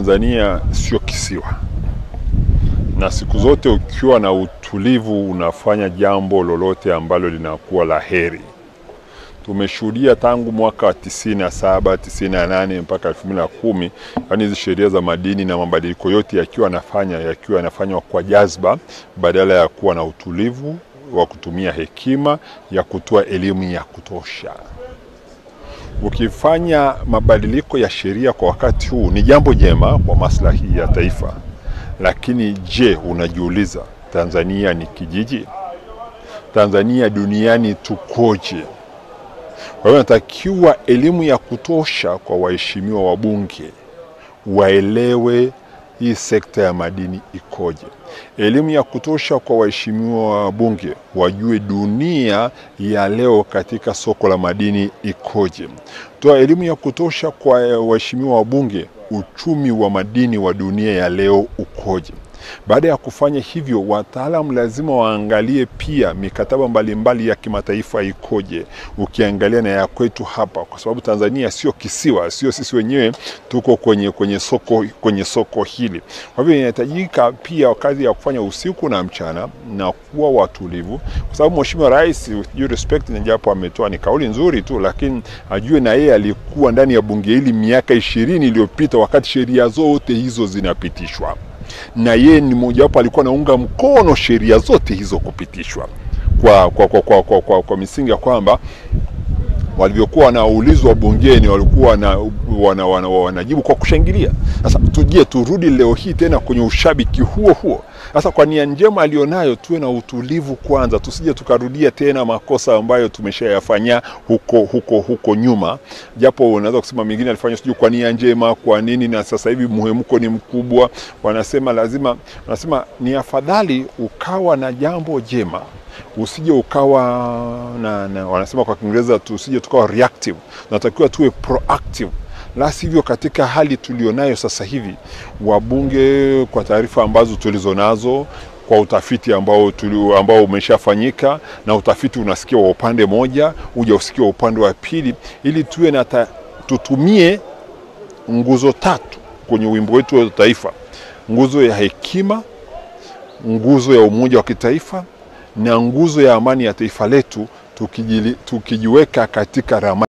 Tanzania sio kisiwa, na siku zote ukiwa na utulivu unafanya jambo lolote ambalo linakuwa la heri. Tumeshuhudia tangu mwaka wa 97 98 mpaka 2010, yaani hizi sheria za madini na mabadiliko yote yakiwa yanafanya yakiwa yanafanywa kwa jazba badala ya kuwa na utulivu wa kutumia hekima ya kutoa elimu ya kutosha ukifanya mabadiliko ya sheria kwa wakati huu ni jambo jema kwa maslahi ya taifa, lakini je, unajiuliza Tanzania ni kijiji? Tanzania duniani tukoje? Kwa hiyo natakiwa elimu ya kutosha kwa waheshimiwa wabunge waelewe hii sekta ya madini ikoje, elimu ya kutosha kwa waheshimiwa wabunge wajue dunia ya leo katika soko la madini ikoje, toa elimu ya kutosha kwa waheshimiwa wabunge uchumi wa madini wa dunia ya leo ukoje. Baada ya kufanya hivyo, wataalamu lazima waangalie pia mikataba mbalimbali ya kimataifa ikoje, ukiangalia na ya kwetu hapa, kwa sababu Tanzania sio kisiwa, sio sisi wenyewe tuko kwenye, kwenye, soko, kwenye soko hili. Kwa hivyo inahitajika pia kazi ya kufanya usiku na mchana na kuwa watulivu, kwa sababu Mheshimiwa Rais due respect, na japo ametoa ni kauli nzuri tu, lakini ajue na yeye alikuwa ndani ya bunge hili miaka ishirini iliyopita wakati sheria zote hizo zinapitishwa na yeye ni wapo alikuwa anaunga mkono sheria zote hizo kupitishwa kwa, kwa, kwa, kwa, kwa, kwa, kwa misingi ya kwamba walivyokuwa wanaulizwa bungeni walikuwa wanajibu wana, wana, wana, kwa kushangilia. Sasa tuje turudi leo hii tena kwenye ushabiki huo huo. Sasa kwa nia njema alionayo, tuwe na utulivu kwanza, tusije tukarudia tena makosa ambayo tumeshayafanya huko huko huko nyuma, japo unaweza kusema mingine alifanya sijui kwa nia njema, kwa nini, na sasa hivi muhemko ni mkubwa. Wanasema lazima, wanasema ni afadhali ukawa na jambo jema usije ukawa na, na, wanasema kwa Kiingereza tusije tukawa reactive, natakiwa tuwe proactive la sivyo, katika hali tulionayo sasa hivi, wabunge kwa taarifa ambazo tulizonazo kwa utafiti ambao, tuli, ambao umeshafanyika na utafiti unasikia wa upande moja uja usikia wa upande wa pili, ili tuwe na ta, tutumie nguzo tatu kwenye wimbo wetu wa taifa: nguzo ya hekima, nguzo ya umoja wa kitaifa na nguzo ya amani ya taifa letu tukijiweka katika ramani